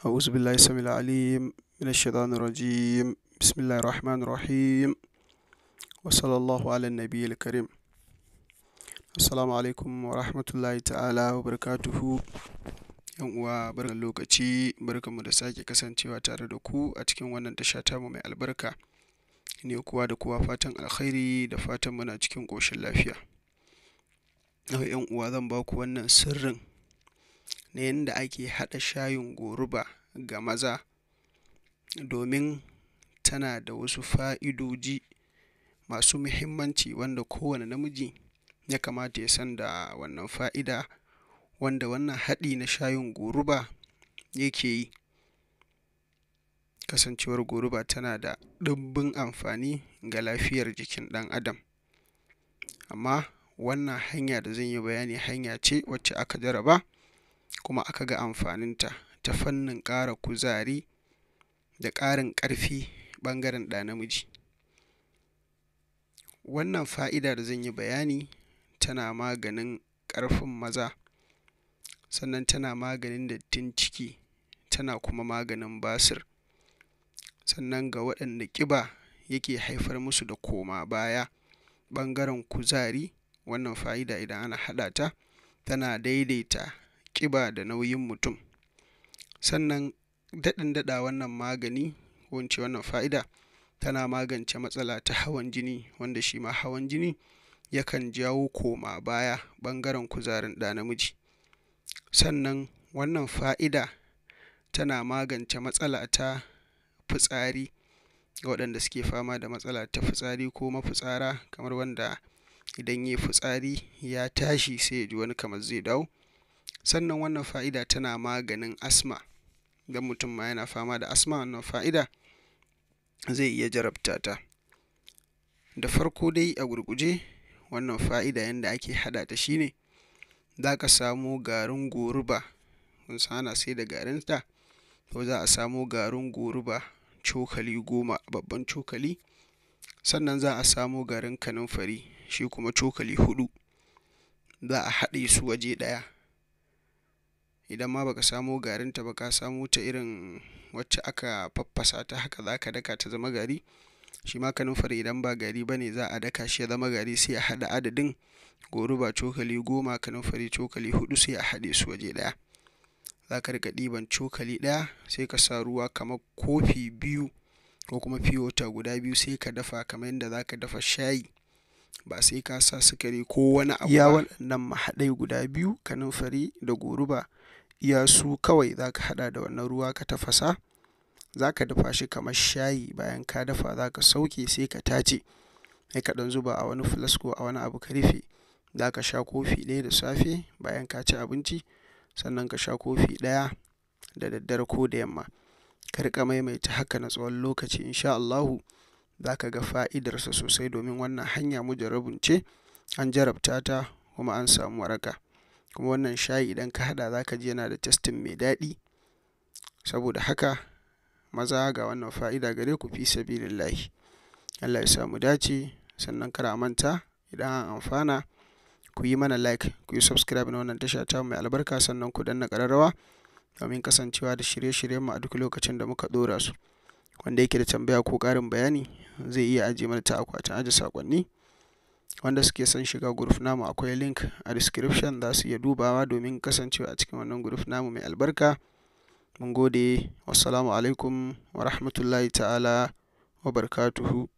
أعوذ بالله السميع العليم من الشيطان الرجيم بسم الله الرحمن الرحيم وصلى الله على النبي الكريم Assalamu alaikum wa rahmatullahi ta'ala wa barakatuhu yan uwa barkan lokaci mu da sake kasancewa tare da ku a cikin wannan tasha mu mai albarka ne kuwa da kuwa fatan alkhairi da fatan muna cikin ƙoshin lafiya yan uwa zan ba ku wannan sirrin na yadda ake haɗa shayin goruba ga maza domin tana da wasu fa'idoji masu muhimmanci wanda kowane namiji ya kamata ya san da wannan fa'ida wanda wannan haɗi na shayin goruba yake yi. Kasancewar goruba tana da ɗumbin amfani ga lafiyar jikin ɗan adam. Amma wannan hanya da zan yi bayani hanya ce wacce aka jarraba. kuma aka ga amfaninta ta fannin ƙara kuzari da ƙarin ƙarfi ɓangaren ɗa namiji. Wannan fa'ida da zan yi bayani tana maganin ƙarfin maza, sannan tana maganin dattin ciki, tana kuma maganin basir, sannan ga waɗanda ƙiba yake haifar musu da koma baya ɓangaren kuzari, wannan fa'ida idan ana haɗa ta tana daidaita ƙiba da nauyin mutum sannan daɗin daɗa wannan magani ko wannan fa'ida tana magance matsala ta hawan jini wanda shi ma hawan jini yakan jawo koma baya ɓangaren kuzarin ɗa namiji sannan wannan fa'ida tana magance matsala ta fitsari ga waɗanda suke fama da matsala ta fitsari ko mafitsara kamar wanda idan ya fitsari ya tashi sai ya ji wani kamar zai dawo sannan wannan fa'ida tana maganin asma idan mutum ma yana fama da asma wannan fa'ida zai iya jarabta ta da farko dai a gurguje wannan fa'ida yadda ake haɗa ta shine za ka samo garin goruba kun san sai da garinta to za a samo garin goruba cokali goma babban cokali sannan za a samo garin kanunfari shi kuma cokali huɗu za a haɗe su waje ɗaya idan ma baka samo garinta ba ka samo ta irin wacce aka faffasa ta haka za ka daka ta zama gari shi ma kanunfari idan ba gari ba ne za a daka shi ya zama gari sai a haɗa adadin goruba cokali goma kanunfari cokali hudu sai a haɗe su waje daya za ka riƙa ɗiban cokali ɗaya sai ka sa ruwa kamar kofi biyu ko kuma fiyota guda biyu sai ka dafa kamar yadda za ka dafa shayi ba sai ka sa sukari ko wani abu ba waɗannan mahaɗai guda biyu kanunfari da goruba iya su kawai za ka haɗa da wannan ruwa ka tafasa za ka dafa shi kamar shayi bayan ka dafa za ka sauke sai ka tace sai ka ɗan zuba a wani flasko a wani abu ka rufe za ka sha kofi ɗaya da safe bayan ka ci abinci sannan ka sha kofi ɗaya da daddare ko da yamma ka riƙa maimaita haka na tsawon lokaci insha Allahu za ka ga fa'idarsa sosai domin wannan hanya mujarrabun ce an jarabta ta kuma an samu waraka. kuma wannan shayi idan ka haɗa za ka ji yana da tastin mai daɗi saboda haka maza ga wannan fa'ida gare ku fi sabilillahi Allah ya samu dace sannan kar manta idan an amfana ku yi mana like ku yi subscribe na wannan tasha ta mai albarka sannan ku danna ƙararrawa domin kasancewa da shirye-shiryen mu a duk lokacin da muka dora su wanda yake da tambaya ko ƙarin bayani zai iya ajiye mana ta akwatin aje sakonni. Wanda suke son shiga group namu akwai link a description za su iya dubawa domin kasancewa a cikin wannan group namu mai albarka. Mun gode, wassalamu alaikum wa rahmatullahi ta'ala wa barkatuhu.